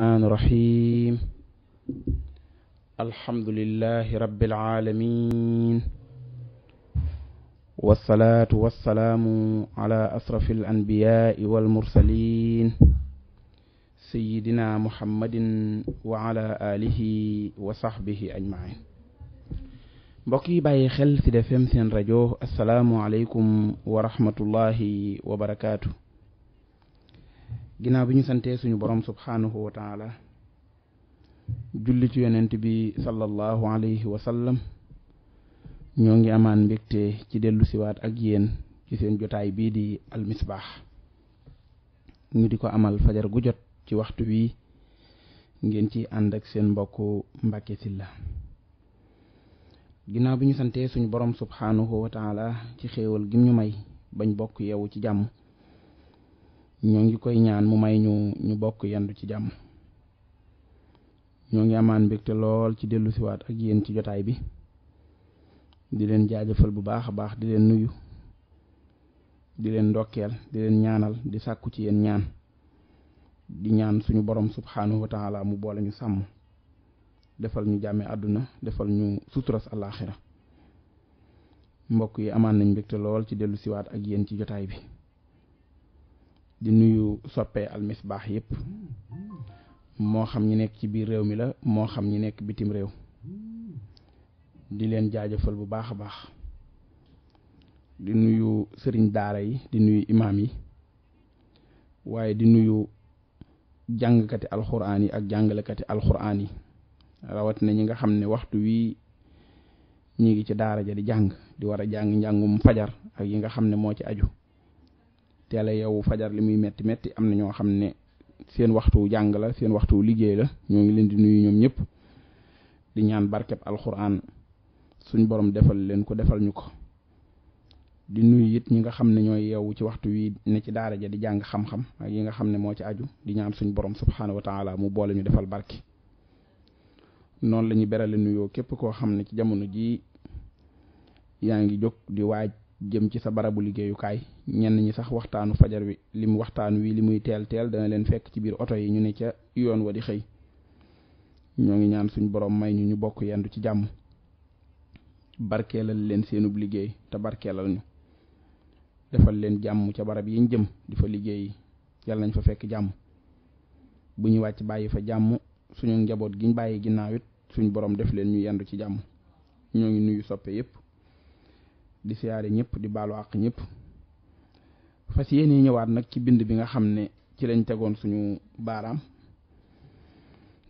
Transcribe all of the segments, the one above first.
الرحمن الرحيم الحمد لله رب العالمين والصلاة والسلام على أشرف الأنبياء والمرسلين سيدنا محمد وعلى آله وصحبه أجمعين mbokki bàyyi xel ci Sud FM seen rajo asalaamualeykum wa rahmatullahi wa barakaatu ginaaw bi ñu santee suñu borom subhaanahu wa taala julli ci yonent bi sallallahu alayhi wa sallam ñoo ngi amaan mbégte ci dellu siwaat ak yéen ci seen jotaay bii di almisbaax ñu di ko amal fajar gu jot ci waxtu wi ngeen ci ànd ak seen mbokku Mbàkke Sylla ginnaaw bi ñu santee suñu borom subhaanahu wa taala ci xéewal gim ñu may bañ bokk yeewu ci jàmm ñoo ngi koy ñaan mu may ñu ñu bokk yendu ci jàmm ñoo ngi amaan mbégte lool ci dellusiwaat ak yéen ci jotaay bi di leen jaajëfal bu baax a baax di leen nuyu di leen ndokkeel di leen ñaanal di sàkku ci yéen ñaan di ñaan suñu borom subxanahu wa mu boole ñu sàmm defal ñu jàmme àdduna defal ñu suturas alaaxira mbokk yi amaan nañ mbégte lool ci dellusiwaat ak yéen ci jotaay bi di nuyu soppee almisbaax yëpp moo xam ñi nekk ci biir réew mi la moo xam ñi nekk bitim réew di leen jaajëfal bu baax a baax di nuyu sëriñ daara yi di nuyu imaam yi waaye di nuyu jàngkati alxuraan yi ak jàngalekati alxuraan yi rawatina ñi nga xam ne waxtu wii ñi ngi ci daara ja di jàng di war a jàng njàngum fajar ak yi nga xam ne moo ci aju teel a yeewu fajar li muy metti metti am na ñoo xam ne seen waxtu jàng la seen waxtu liggéey la ñoo ngi leen di nuyu ñoom ñëpp di ñaan barkeb alxuraan suñ boroom defal leen ko defal ñu ko di nuyu it ñi nga xam ne ñooy yeewu ci waxtu wi ne ci daara ja di jàng xam-xam yi nga xam ne moo ci aju di ñaan suñ borom subxanahu wa taala mu boole ñu defal barke. noonu la ñuy berale nuyoo képp koo xam ne ci jamono jii yaa ngi jóg di waaj jëm ci sa barabu liggéeyukaay ñenn ñi sax waxtaanu fajar wi lim waxtaan wi li muy teel teel dana leen fekk ci biir oto yi ñu ne ca yoon wa di xëy ñoo ngi ñaan suñ borom may ñu ñu bokk yendu ci jàmm barkeelal leen seenub liggéey te barkeelal ñu defal leen jàmm ca barab yiñ jëm di fa liggéey yàlla nañ fa fekk jàmm bu ñu wàcc bàyyi fa jàmm suñu njaboot giñ bàyyi ginnaaw it suñ borom def leen ñu yendu ci jàmm ñoo ngi nuyu soppe yépp di siyaare ñëpp di baalu àq ñëpp fas yéene ñëwaat nag ci bind bi nga xam ne ci lañ tegoon suñu baaraam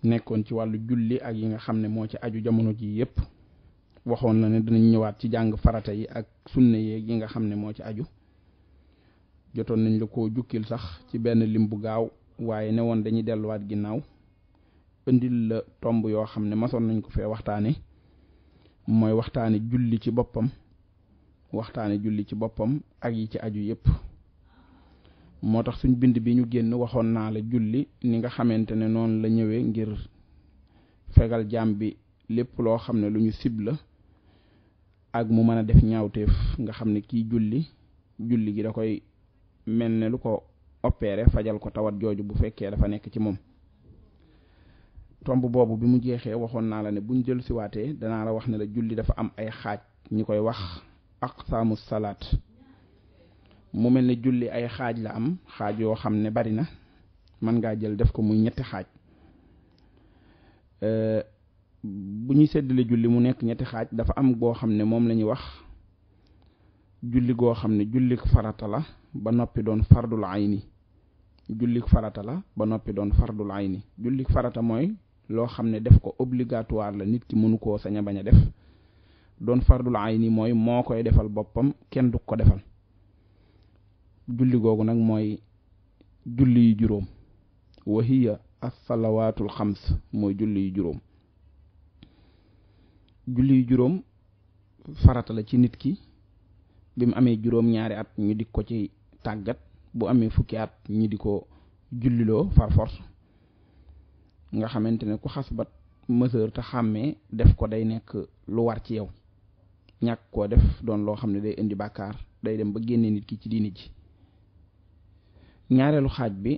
nekkoon ci wàllu julli ak yi nga xam ne moo ci aju jamono ji yëpp waxoon na ne dinañ ñëwaat ci jàng farata yi ak sunne yeeg yi nga xam ne moo ci aju jotoon nañ la ko jukkil sax ci benn lim bu gaaw waaye ne woon dañuy delluwaat ginnaaw indil la tomb yoo xam ne masoon nañ ko fee waxtaane mooy waxtaane julli ci boppam waxtaane julli ci boppam ak yi ci aju yépp moo tax suñ bind bi ñu génn waxoon naa la julli ni nga xamante ne noonu la ñëwee ngir fegal jaam bi lépp loo xam ne lu ñu sib la ak mu mën a def ñaawteef nga xam ne kii julli julli gi da koy mel ne lu ko opéré fajal ko tawat jooju bu fekkee dafa nekk ci moom tomb boobu bi mu jeexee waxoon naa la ne buñ jël siwaatee danaa la wax ne la julli dafa am ay xaaj ñi koy wax aqsaamu salaat mu mel ne julli ay xaaj la am xaaj yoo xam ne bari na mën ngaa jël def ko muy ñetti xaaj bu ñuy séddale julli mu nekk ñetti xaaj dafa am goo xam ne moom la wax julli goo xam ne jullik farata la ba noppi doon fardul ayni jullik farata la ba noppi doon fardul ayni jullik farata mooy loo xam ne def ko obligatoire la nit ki mënu koo sañ a bañ a def doon fardul ayni mooy moo koy defal boppam kenn du ko defal julli googu nag mooy julli yu juróom wa hiya assalawaatul xams mooy julli yu juróom julli yu juróom farata la ci nit ki bi amee juróom-ñaari at ñu di ko ci tàggat bu amee fukki at ñu di ko julliloo par force nga xamante ne ku xas ba mësër te xàmmee def ko day nekk lu war ci yow ñàkk koo def doon loo xam ne day indi bàkkaar day dem ba génne nit ki ci diini ji ñaareelu xaaj bi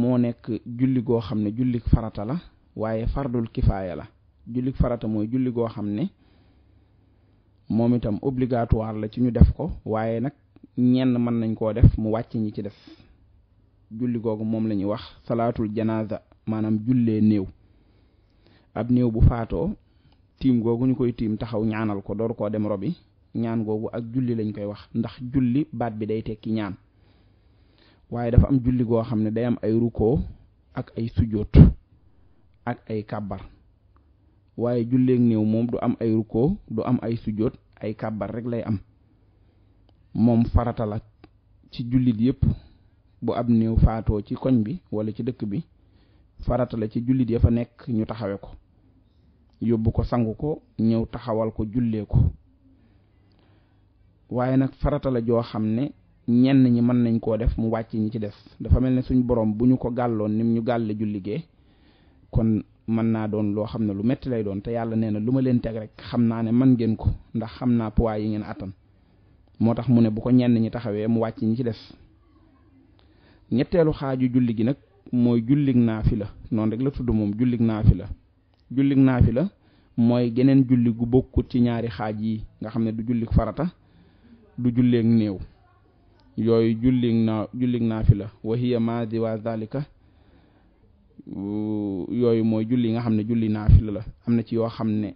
moo nekk julli goo xam ne jullik farata la waaye fardul kifaaya la julli farata mooy julli goo xam ne moom itam obligatoire la ci ñu def ko waaye nag ñenn mën nañ koo def mu wàcc ñi ci def julli googu moom la wax salaatul janaasa maanaam jullee néew ab néew bu faatoo tiim googu ñu koy tiim taxaw ñaanal ko door koo dem robi ñaan googu ak julli lañu koy wax ndax julli baat bi day tekki ñaan waaye dafa am julli goo xam ne day am ay rukkoo ak ay sujoot ak ay kàbbar waaye julleeg néew moom du am ay rukkoo du am ay sujoot ay kàbbar rekk lay am moom farata ci jullit yépp bu ab néew faatoo ci koñ bi wala ci dëkk bi farata la ci jullit ya fa nekk ñu taxawe ko yóbbu ko sangu ko ñëw taxawal ko jullee ko waaye nag farata joo xam ne ñenn ñi mën nañ koo def mu wàcc ñi ci des dafa mel ne suñu borom bu ñu ko gàlloon nim ñu gàlle julli gee kon mën naa doon loo xam ne lu metti lay doon te yàlla nee na lu ma leen teg rek xam naa ne man ngeen ko ndax xam naa poids yi ngeen attan moo tax mu ne bu ko ñenn ñi taxawee mu wàcc ñi ci des ñetteelu xaaju julli gi nag mooy jullig la noonu rek la tudd moom jullig naafila jullik la mooy geneen julli gu bokkut ci ñaari xaaj yi nga xam ne du jullik farata du julleek néew yooyu jullik naafi jullik naafila wa hiya ma diwa yooyu mooy julli nga xam ne julli naafi la am na ci yoo xam ne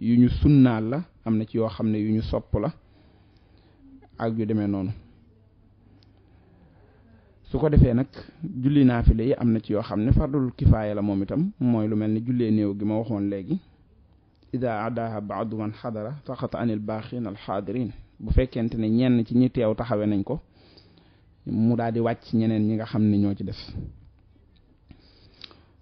yu ñu sunnaal la am na ci yoo xam ne yu ñu sopp la ak yu demee noonu su ko defee nag julli naafile yi am na ci yoo xam ne fardul kifaaya la moom itam mooy lu mel ni jullee néew gi ma waxoon léegi ida adaha baadu man xadara faqat anil baaxin al xaadirin bu fekkente ne ñenn ci ñi teew taxawee nañ ko mu daal di wàcc ñeneen ñi nga xam ne ñoo ci def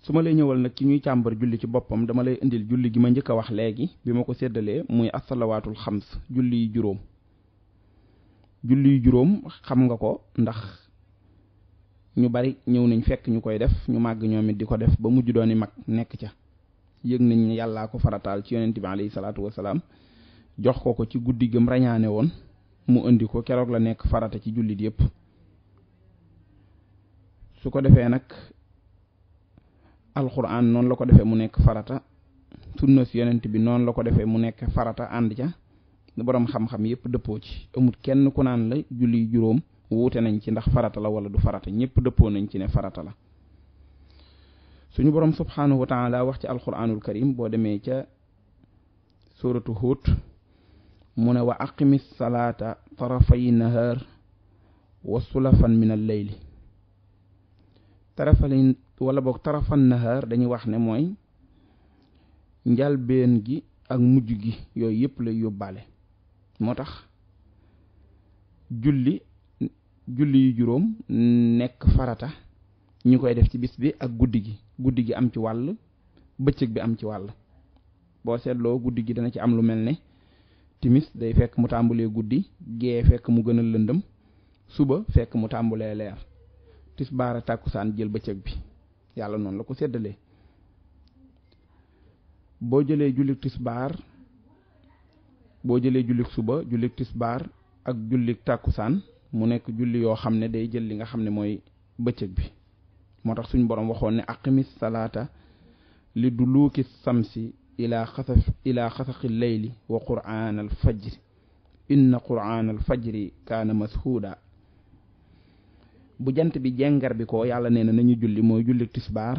su ma lay ñëwal nag ci ñuy càmbar julli ci boppam dama lay indil julli gi ma njëkk a wax léegi bi ma ko séddalee muy asalawaatul xams julli yu juróom julli yu juróom xam nga ko ndax ñu bari ñëw nañ fekk ñu koy def ñu màgg ñoom it di ko def ba mujj dooni mag nekk ca yëg nañ ne yàllaa ko farataal ci yonent bi alayhi salaatu wasalaam jox ko ko ci guddi gëm rañaane woon mu indi ko keroog la nekk farata ci jullit yépp su ko defee nag alxuraan noonu la ko defee mu nekk farata sunna si yonent bi noonu la ko defee mu nekk farata ànd ca boroom xam-xam yépp dëppoo ci amul kenn ku naan la julli juróom wuute nañ ci ndax farata la wala du farata ñëpp dëppoo nañ ci ne farata la suñu borom subhaanahu wa taala wax ci alquranul karim boo demee ca suratu Huud mu ne wa aqimi salaata tarafay nahaar wa sulafan min al leyli tarafali boog tarafan nahaar dañuy wax ne mooy njalbeen gi ak mujj gi yooyu yëpp lay yóbbaale moo tax julli julli yu juróom nekk farata ñu koy def ci bis bi ak guddi gi guddi gi am ci wàll bëccëg bi am ci wàll boo seetloo guddi gi dana ci am lu mel ne timis day fekk mu tàmbalee guddi gee fekk mu gën a lëndëm suba fekk mu tàmbalee leer tisbaar ak tàkkusaan jël bëccëg bi yàlla noonu la ko seddalee boo jëlee jullik tisbaar boo jëlee jullik suba jullik tisbaar ak jullik tàkkusaan mu nekk julli yoo xam ne day jël li nga xam ne mooy bëccëg bi moo tax suñu borom waxoon ne aqimis salaata li duluuki samsi ilaa xasa ilaa xasaqi leyli wa quraan fajri inna quraan al fajri kaana mashuuda bu jant bi jengar bi ko yàlla nee na nañu julli mooy julli tisbaar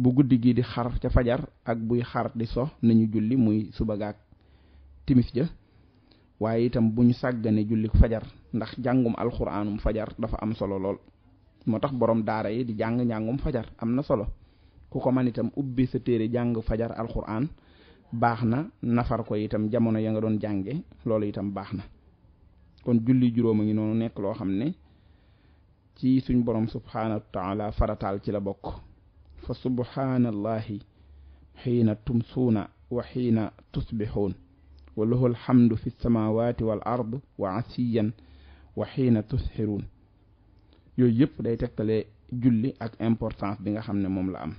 bu guddi gi di xar ca fajar ak buy xar di so nañu julli muy suba gaag timis ja waaye itam bu ñu sàggane julli fajar ndax jàngum alxuraanum fajar dafa am solo lool moo tax borom daara yi di jàng jàngum fajar am na solo ku ko man itam ubbi sa téere jàng fajar alxuraan baax na nafar ko itam jamono ya nga doon jànge loolu itam baax na kon julli juróom a ngi noonu nekk loo xam ne ci suñ borom subhaanahu wa taala farataal ci la bokk fa subhaanallahi xiina tumsuuna wa xiina tusbixuun wa lahu alhamdu fi lsamawati wal ard wa asiyan wa xiina tusxiruun yooyu yëpp day tekkale julli ak importance bi nga xam ne moom la am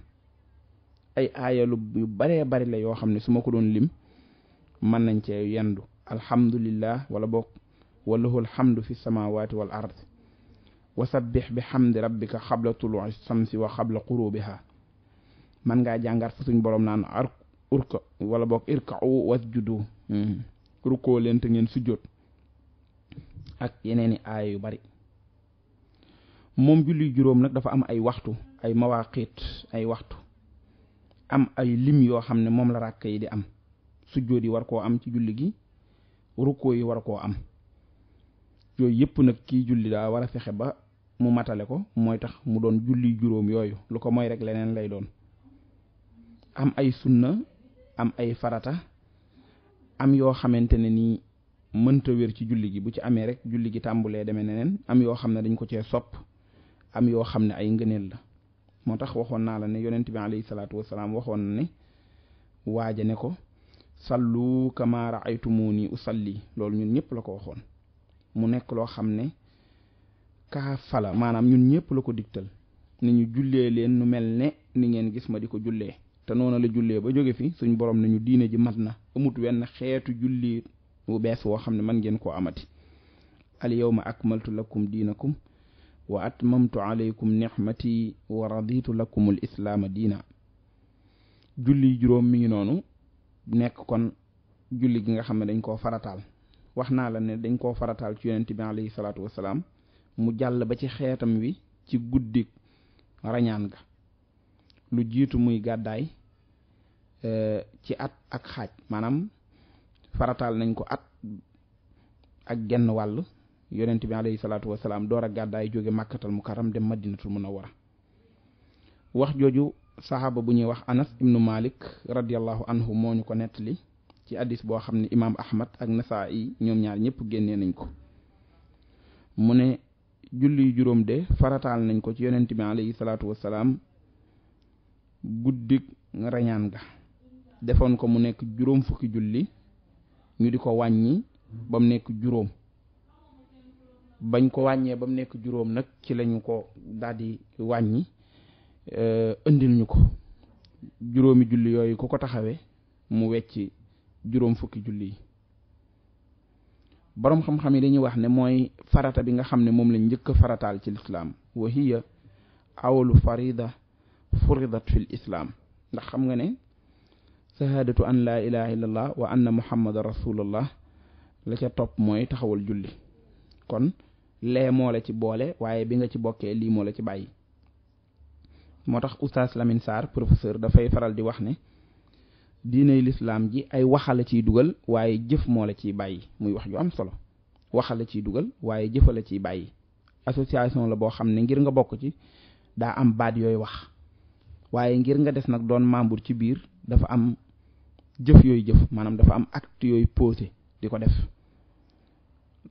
ay aayalu yu baree bari la yoo xam ne su ma ko doon lim mën nañ cee yendu alhamdulillah wala bokk wa lahu alhamdu fi samawati wal ard wa sabbix bi xamdi rabbika xabla tuluu samsi wa xabla qurubiha man ngaa jàngat suñ borom naan ar wala bokk irkau wasjudu hmm. rukkoo leen te ngeen sujjóot ak yeneeni aaya yu bari moom julli juróom nag dafa am ay waxtu ay mawaaqiit ay waxtu am ay lim yoo xam ne moom la ràkk yi di am sujjóot yi war koo am ci julli gi rukkoo yi war koo am yooyu yëpp nag kii julli daa war a fexe ba mu matale ko mooy tax mu doon julli juróom yooyu lu ko moy rek leneen lay doon am ay sunna am ay farata am yoo xamante ne nii mënta wér ci julli gi bu ci amee rek julli gi tàmbulee demee neneen am yoo xam ne dañ ko cee sopp am yoo xam ne ay ngëneel la moo tax waxoon naa la ne yonent bi alayhi salaatu wasalaam waxoon na ne waaja ne ko sallu kama raaytumuni usalli loolu ñun ñëpp la ko waxoon mu nekk loo xam ne kaa maanaam ñun ñëpp la ko digtal ni ñu jullee leen nu mel ne ni ngeen gis ma di ko jullee te noonu la jullee ba jóge fi suñ borom nañu diine ji mat na amut wu bees woo xam ne man ngeen koo amati al yawma akmaltu lakum diinakum wa atmamtu alaykum nixmati wa raditu lakum al islaama diina julli juróom mi ngi noonu nekk kon julli gi nga xam ne dañ koo farataal wax naa la ne dañ koo farataal ci yonent bi alayhi salaatu wasalaam mu jàll ba ci xeetam wi ci guddi rañaan ga lu jiitu muy gàddaay eh, ci at ak xaaj maanaam farataal nañ ko at ak genn wàll yonent bi alayhi salaatu wasalaam door a gàddaay jóge màkkatal mukarram dem madinatul munawwara wax jooju saxaaba bu ñuy wax anas ibnu malik radiallahu anhu moo ñu ko nettali ci addis boo xam ne imaam ahmad ak nasaa'i ñoom ñaar ñëpp génnee nañ ko mu ne julli juróom de farataal nañ ko ci yonent bi alayhi salaatu wasalaam guddik rañaan ga defoon ko mu nekk juróom fukki julli ñu di ko wàññi ba mu nekk juróom bañ ko wàññee ba mu nekk juróom nag ci lañu ko daal di wàññi euh, indil ñu ko juróomi julli yooyu ku ko taxawee mu wecc juróom fukki julli yi boroom xam-xam yi dañuy wax ne mooy farata bi nga xam ne moom lañ njëkk a farataal ci lislaam wa awalu farida furidat fil islaam ndax xam nga ne sahaadatu an laa ilaha illallah wa anna muhammada rasulullah la ca topp mooy taxawal julli kon lee moo la ci boole waaye bi nga ci bokkee lii moo la ci bàyyi moo tax oustaz Lamine Sarr professeur dafay faral di wax ne diiney lislaam ji ay waxala ciy dugal waaye jëf moo la ciy bàyyi muy wax ju am solo waxala ciy dugal waaye jëfa la ciy bàyyi association la boo xam ne ngir nga bokk ci daa am baat yooy wax waaye ngir nga des nag doon membre ci biir dafa am jëf yooyu jëf maanaam dafa am acte yooyu posé di ko def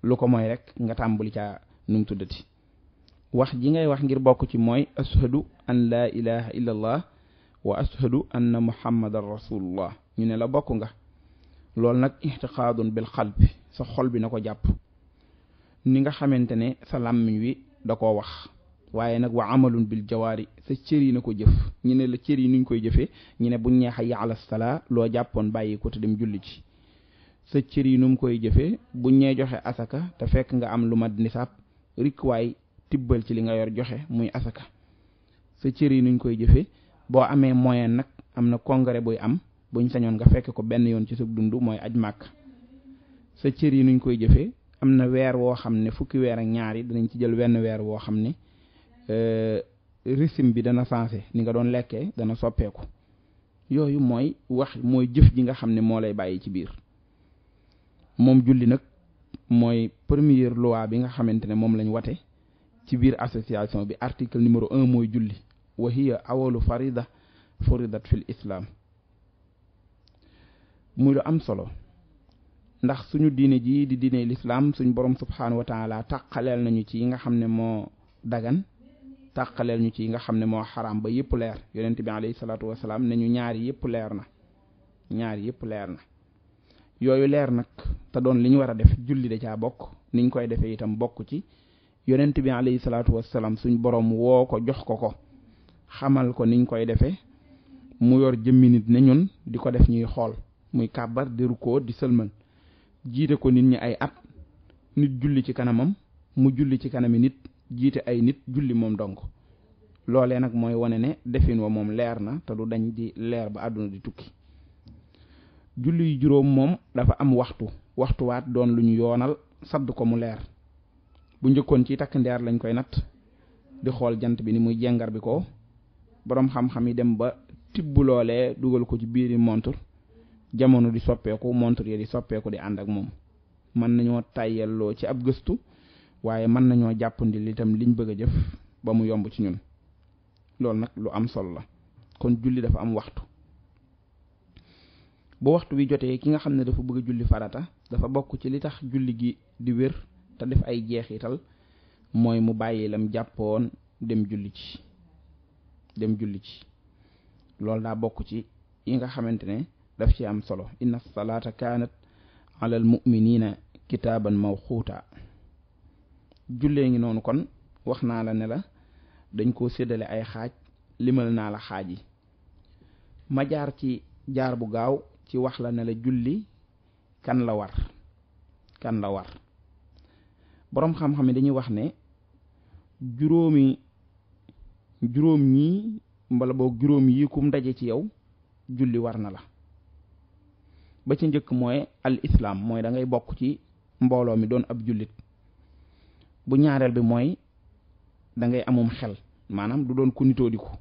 lu ko moy rek nga tàmbali caa nu mu tuddati wax ji ngay wax ngir bokk ci mooy ashadu an laa ilaha illa allah wa ashadu anna muhammadan rasulullah ñu ne la bokk nga loolu nag ixtiqaadun bil qalbi sa xol bi na ko jàpp ni nga xamante ne sa làmmiñ wi da koo wax waaye nag wa amalun bil jawaari sa cër yi na ko jëf ñu ne la cër yi nuñ koy jëfee ñu ne buñ ñeexa ya ala salaa loo jàppoon bàyyi dem julli ci sa cër yi nu koy jëfee buñ ñee joxe asaka te fekk nga am lu mat nisaab rik waay tibbal ci li nga yor joxe muy asaka sa cër yi nuñ koy jëfee boo amee moyen nag am na congrès buy am buñ sañoon nga fekk ko benn yoon ci sa dund mooy aj màkk sa cër yi nuñ koy jëfee am na weer woo xam ne fukki weer ak ñaari yi dinañ ci jël wenn weer woo xam ne Euh, risim bi dana changé ni nga doon lekkee dana soppeeku yooyu mooy wax mooy jëf ji nga xam ne moo lay bàyyi ci biir moom julli nag mooy première loi bi nga xamante ne moom lañ wate ci biir association bi article numéro un mooy julli wa hiya awalu farida furidat fil islam muy lu am solo ndax suñu diine jii di diine lislaam suñ borom subhaanahu wa nañu ci yi nga xam ne moo dagan tàqaleel ñu ci yi nga xam ne moo xaraam ba yëpp leer yonent bi alayhi salaatu wasalaam ne ñu ñaari yëpp leer na ñaar yëpp leer na yooyu leer nag te doon li ñu war a def julli da caa bokk niñ koy defee itam bokk ci yonent bi alayhi salaatu wasalaam suñ borom woo ko jox ko ko xamal ko niñ koy defee mu yor jëmmi nit ne ñun di ko def ñuy xool muy kàbbar di rukkoo di sëlmal jiite ko nit ñi ay at nit julli ci kanamam mu julli ci kanami nit jiite ay nit julli moom donc loolee nag mooy wane ne defin wa moom leer na te du dañ di leer ba àdduna di tukki julli yu juróom moom dafa am waxtu waxtuwaat doon lu ñu yoonal sadd ko mu leer bu njëkkoon ci takk ndeer lañ koy natt di xool jant bi ni muy jengar bi ko boroom xam-xam yi dem ba tibb loolee dugal ko ci biiri montre jamono di soppeeku montre yi di soppeeku di ànd ak moom mën nañoo tàyyelloo ci ab gëstu waaye mën nañoo jàppandi itam liñ bëgg a jëf ba mu yomb ci ñun loolu nag lu am solo la kon julli dafa am waxtu bu waxtu wi jotee ki nga xam ne dafa bëgg a julli farata dafa bokk ci li tax julli gi di wér te def ay jeexital mooy mu bàyyi lam jàppoon dem julli ci dem julli ci loolu daa bokk ci yi nga xamante ne daf ci am solo inna salaata kaanat alal mu'minina kitaaban mawquuta jullee ngi noonu kon wax naa la ne la dañ koo séddale ay xaaj limal naa la xaaj yi ma jaar ci jaar bu gaaw ci wax la ne la julli kan la war kan la war boroom xam-xam yi dañuy wax ne juróomi juróom ñii mbala boog juróom yi kum daje ci yow julli war na la ba ci njëkk mooy al islaam mooy dangay bokk ci mbooloo mi doon ab jullit bu ñaareel bi mooy da ngay amum xel maanaam du doon ku nitoo di ko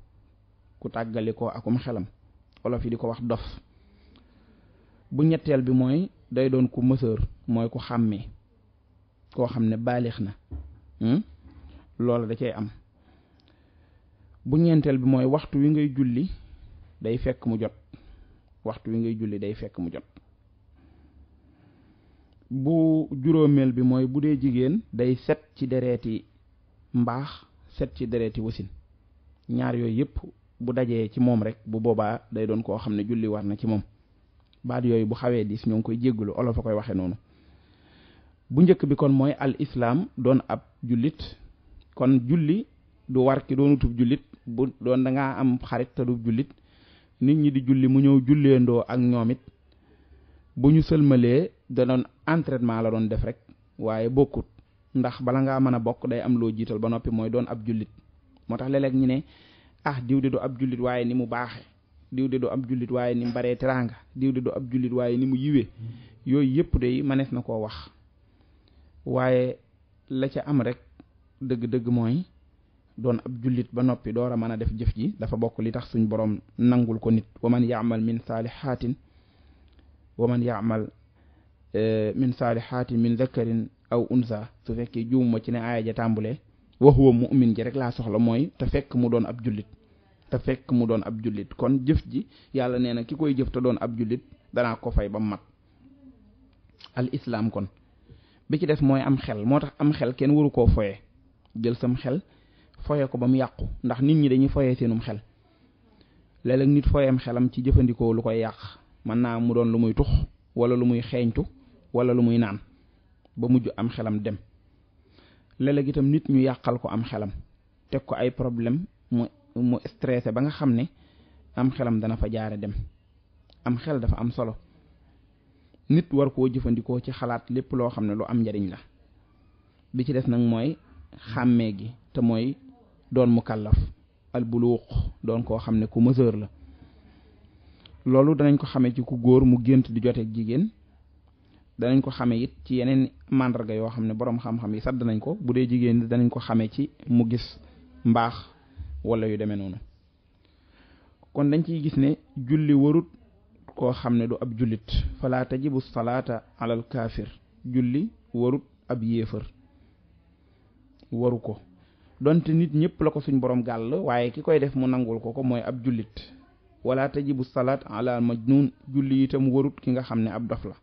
ku tàggali ko akum xelam olof yi di ko wax dof bu ñetteel bi mooy day doon ku mësër mooy ku xàmmee koo xam ne baalix na hmm? loola da cay am bu ñeenteel bi mooy waxtu wi ngay julli day fekk mu jot waxtu wi ngay julli day fekk mu jot bu juróomeel bi mooy bu dee jigéen day set ci dereeti mbaax set ci dereeti wasin ñaar yooyu yëpp bu dajee ci moom rek bu boobaa day doon koo xam ne julli war na ci moom baat yooyu bu xawee diis ñoo ngi koy jéggulu olof a koy waxee noonu bu njëkk bi kon mooy al islaam doon ab jullit kon julli du war ki doonutub jullit bu doon da am xarit te jullit nit ñi di julli mu ñëw julleendoo ak ñoom it bu ñu sëlmalee da doon entraînement la doon def rek waaye bokkut ndax bala ngaa mën a bokk day am loo jiital ba noppi mooy doon ab jullit moo tax léeg-léeg ñu ne ah diw di du ab jullit waaye ni mu baaxe diw di du ab jullit waaye ni mu baree teraanga diw di waaye ni mu yiwee yooyu yëpp day manees na koo wax waaye la ca am rek dëgg-dëgg mooy doon ab jullit ba noppi door mën a def jëf ji dafa bokk li tax suñ borom nangul ko nit waman yaamal min saalihaatin waman yaamal Eh, min saalihaati min zakarin aw unsa su fekkee juumuma ci ne aaya ja tàmbulee wa huwa mu'min ji rek laa soxla mooy te fekk mu doon ab jullit te fekk mu doon ab jullit kon jëf ji yàlla nee na ki koy jëf te doon ab jullit danaa ko fay ba mat al islaam kon bi ci des mooy am xel moo tax am xel kenn waru koo foye jël sam xel foye ko ba mu yàqu ndax nit ñi dañuy foye seenum xel léeg nit foyeem xelam ci jëfandikoo lu koy yàq mën naa mu doon lu muy tux wala lu muy xeeñtu wala lu muy naan ba mujj am xelam dem léeg itam nit ñu yàqal ko am xelam teg ko ay problème mu mu stressé ba nga xam ne am xelam dana fa jaare dem am xel dafa am solo nit war koo jëfandikoo ci xalaat lépp loo xam ne lu am njariñ la bi ci des nag mooy xàmmee gi te mooy doon mu kàllaf al buluuq doon koo xam ne ku majeur la loolu danañ ko xamee ci ku góor mu gént di joteeg jigéen danañ ko xame it ci yeneen màndarga yoo xam ne boroom xam-xam yi sadd nañ ko bu dee jigéen ñi danañ ko xame ci mu gis mbaax wala yu demee noonu kon dañ ciy gis ne julli warut koo xam ne du ab jullit fala tajibu salaata alal julli warut ab yéefër waru ko donte nit ñëpp la ko suñ borom gàll waaye ki koy def mu nangul ko ko mooy ab jullit wala tajibu salaat ala majnun julli itam warut ki nga xam ne ab dof la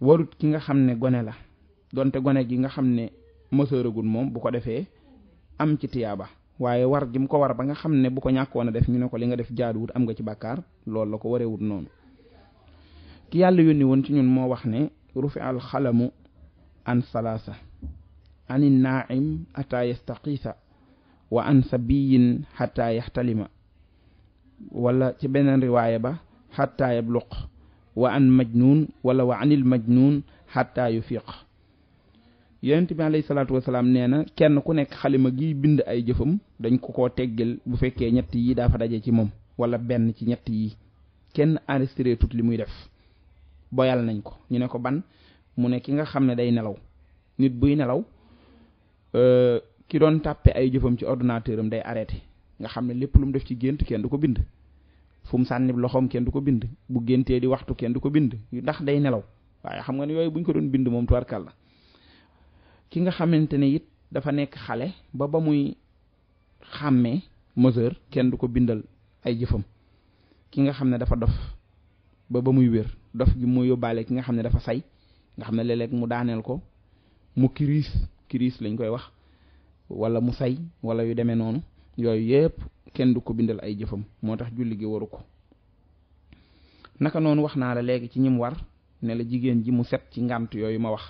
warut ki nga xam ne gone la donte gone gi nga xam ne mësëragul moom bu ko defee am ci tiyaaba waaye war gi mu ko war ba nga xam ne bu ko ñàkkoon a def ñu ne ko li nga def jaaduwut am nga ci bàkkaar loolu la ko warewut noonu ki yàlla yónni ci ñun moo wax ne rufi al xalamu an salaasa an naim ata yastaqiisa wa an sabiyin xata talima wala ci beneen riwaaya ba xata yabluq wa an majnuun wala wa anil majnuun xatta yu fiq yonent bi alayhi salaatu wasalaam nee na kenn ku nekk xalima giy bind ay jëfam dañ ko ko teggil bu fekkee ñett yi dafa daje ci moom wala benn ci ñett yi kenn enregistré tut li muy def boyal nañ ko ñu ne ko ban mu ne ki nga xam ne day nelaw nit buy nelaw euh, ki doon tàppe ay jëfam ci ordinateur am day arrêté nga xam ne lépp lu mu def ci gént kenn du ko bind fu mu sànni loxoom kenn du ko bind bu géntee di waxtu kenn du ko bind ndax day nelaw waaye xam nga ne yooyu buñ ko doon bind moom tuwarkal la ki nga xamante ne it dafa nekk xale ba ba muy xàmmee mesure kenn du ko bindal ay jëfam ki nga xam ne dafa dof ba ba muy wér dof gi mu yóbbaale ki nga xam ne dafa say nga xam ne léeg mu daaneel ko mu kiriis kiriis lañ koy wax wala mu say wala yu demee noonu yooyu yépp kenn du ko bindal ay jëfam moo tax julli gi waru ko naka noonu wax naa la léegi ci ñim war ne la jigéen ji mu set ci ngànt yooyu ma wax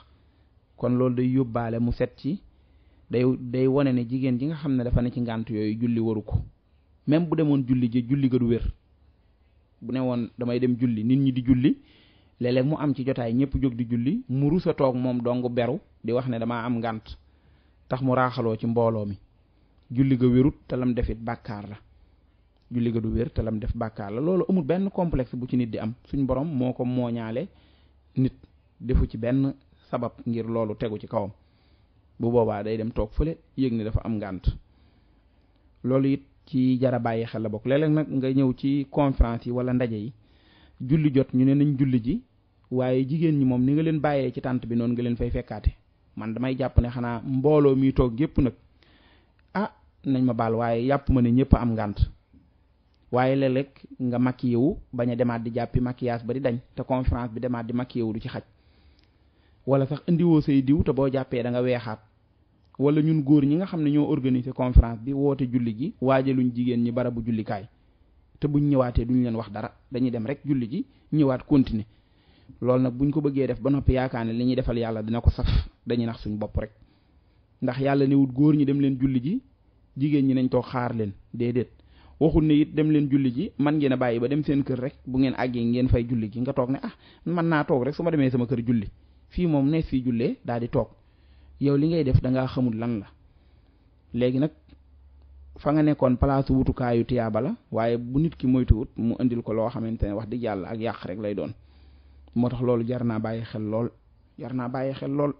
kon loolu day yóbbaale mu set ci day day wone ne jigéen ji nga xam ne dafa ne ci ngànt yooyu julli waru ko même bu demoon julli ji julli ga du wér bu ne woon damay dem julli nit ñi di julli léeg mu am ci jotaay ñëpp jóg di julli mu rusa toog moom dong beru di wax ne dama am ngànt tax mu raaxaloo ci mbooloo mi julli ga wérut te lam defit bàkkaar la julli ga du wér te lam def bàkkaar la loolu amul benn complexe bu ci nit di am suñ borom moo ko mooñaale nit defu ci benn sabab ngir loolu tegu ci kawam bu boobaa day dem toog fële yëg ni dafa am ngànt loolu it ci jara bàyyi xel la bokk léeg nag nga ñëw ci conférence yi wala ndaje yi julli jot ñu ne nañ julli ji waaye jigéen ñi moom ni nga leen bàyyee ci tànt bi noonu nga leen fay fekkaate man damay jàpp ne xanaa mbooloo mi toog gépp nag ah nañ ma baal waaye yàpp ma ne ñëpp am ngànt waaye léeg-léeg nga makki bañ a demaat di jàppi maquillage ba di dañ te conférence bi demaat di makki yewu du ci xaj wala sax indiwoo say diw te boo jàppee danga weexaat wala ñun góor ñi nga xam ne ñoo organiser conférence bi woote julli gi waajaluñ jigéen ñi barabu jullikaay te buñ ñëwaatee duñu leen wax dara dañu dem rek julli ji ñëwaat continuer loolu nag buñ ko bëggee def ba noppi yaakaar ne li ñuy defal yàlla dina ko saf dañuy nax suñ bopp rek ndax yàlla newut góor ñi dem leen julli ji jigéen ñi nañ toog xaar leen déedéet waxul ne it dem leen julli ji man ngeen a bàyyi ba dem seen kër rek bu ngeen àggee ngeen fay julli ji nga toog ne ah man naa toog rek su ma demee sama kër julli fii moom ne fii jullee daal di toog yow li ngay def da ngaa xamul lan la léegi nag fa nga nekkoon palaasu wutukaayu tiyaaba la waaye bu nit ki moytuwut mu indil ko loo xamante ne wax dëgg yàlla ak yàq rek lay doon moo tax loolu jar naa bàyyi xel lool jar naa bàyyi xel lool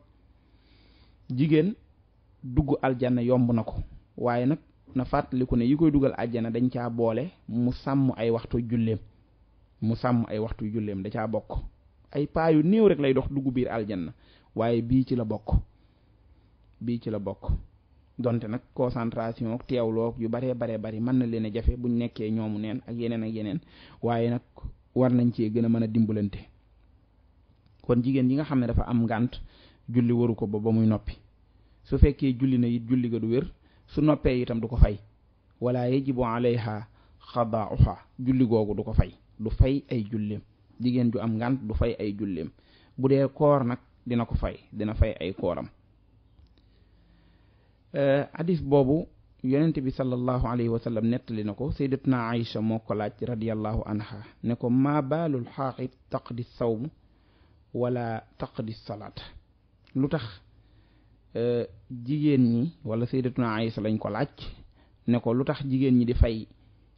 dugg aljana yomb na ko waaye nag na fàttaliku ne yi koy dugal aljanna dañ caa boole mu sàmm ay waxtu julleem mu sàmm ay waxtu julleem da caa bokk ay paa yu néew rek lay dox dugg biir aljanna waaye bii ci la bokk bii ci la bokk donte nag concentration ak teewloo yu baree baree bari mën na leen a jafe buñ nekkee ñoomu neen ak yeneen ak yeneen waaye nag war nañ cee gën a mën a dimbalante kon jigéen yi nga xam ne dafa am ngànt julli waru ko ba ba muy noppi su fekkee julli na it julli ga du wér su noppee itam du ko fay wala yajibu alayha xadaauha julli googu du ko fay du fay ay julleem jigéen ju am ngant du fay ay julleem bu dee koor nag dina ko fay dina fay ay kooram euh, adis boobu yonent bi sallallahu alayhi wa sallam nettali na ko na Aïcha moo ko laaj radiyallahu anha ne ko maa baalul xaaqit taqdi sawm wala taqdi salaat lu tax Euh, jigéen ñi wala sayyidatuna Aïsa lañ ko laaj ne ko lu tax jigéen ñi di fay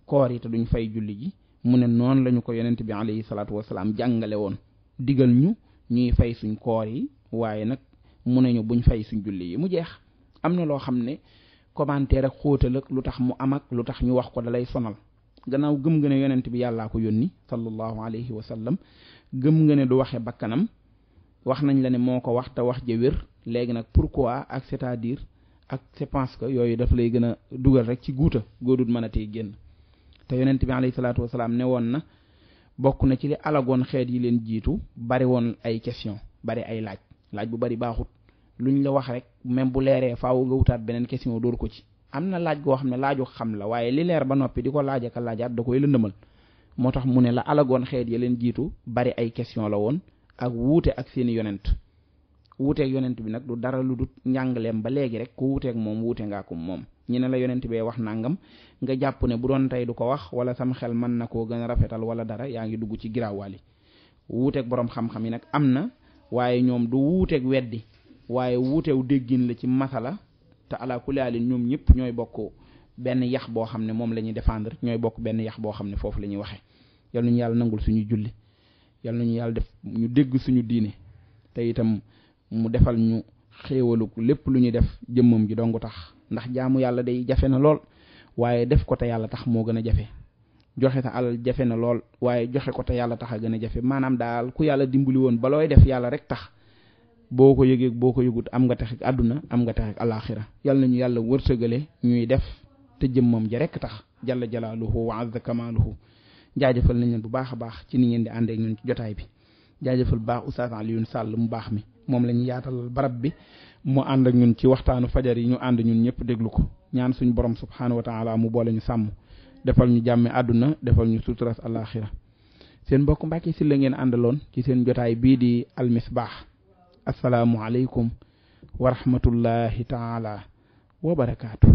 koor yi te duñ fay julli ji mu ne noonu lañu ko yonent bi alayhi salaatu wasalaam jàngale woon digal ñu ñuy fay suñ koor yi waaye nag mu ne ñu buñ fay suñ julli yi mu jeex am na loo xam ne commentaire rek xóotal lu tax mu am ak lu tax ñu wax ko dalay sonal gannaaw gëm nga ne yonent bi yàllaa ko yónni sallallahu alayhi wa gëm nga ne du waxe bakkanam wax nañ la ne moo ko wax léegi nag pourquoi ak cest à ak je pense que yooyu dafa lay gën a dugal rek ci guuta góodut mën a tey génn te yonent bi alayhi salaatu ne woon na bokk na ci li alagoon xeet yi leen jiitu bari woon ay question bari ay laaj laaj bu bari baaxut luñ la wax rek même bu leeree faaw nga wutaat beneen question dóor ko ci am na laaj goo xam ne laaju xam la waaye li leer ba noppi di ko laaj ak laajaat da koy lëndëmal moo tax mu ne la alagoon xeet yi leen jiitu bari ay question la woon ak wuute ak seeni yonent wuuteeg yonent bi nag du dara lu du njàngaleem ba léegi rek ku wuuteeg moom wuute ngaa ko moom ñi ne la yonent bee wax nàngam nga jàpp ne bu doon tey du ko wax wala sam xel man na koo gën a rafetal wala dara yaa ngi dugg ci giraawaali wuuteek boroom xam-xam yi nag am na waaye ñoom du wuuteeg weddi waaye wuuteew déggin la ci masala te ala kulaalin ñoom ñëpp ñooy bokk benn yax boo xam ne moom la ñuy défendre ñooy bokk benn yax boo xam ne foofu la ñuy waxee yal yàlla nangul suñu julli yal def ñu dégg suñu diine mu defal ñu xéewaluk lépp lu ñuy def jëmmam ji dongu tax ndax jaamu yàlla day jafe na lool waaye def ko te yàlla tax moo gën a jafe joxe sa alal jafe na lool waaye joxe ko yàlla tax a gën a jafe maanaam daal ku yàlla dimbali woon ba looy def yàlla rek tax boo ko yëgee boo ko yëgut am nga tax àdduna am nga tax ak alaaxira yàlla ñu yàlla wërsëgale ñuy def te jëmmam ji rek tax jalla jalaaluhu wa azza kamaaluhu jaajëfal nañ leen bu baax a baax ci ni ngeen di àndeek ñun ci jotaay bi jaajëfal baax Oustaz Alioune Sall mu baax mi moom la ñu yaatal barab bi mu ànd ak ñun ci waxtaanu fajar yi ñu ànd ñun ñëpp déglu ko ñaan suñu borom subhaanahu wa taala mu boole ñu sàmm defal ñu jàmme àdduna defal ñu suturas alaxira seen mbokk Mbàkke Sylla ngeen àndaloon ci seen jotaay bii di Al Misbah asalaamualeykum wa rahmatullahi taala wa barakaatu.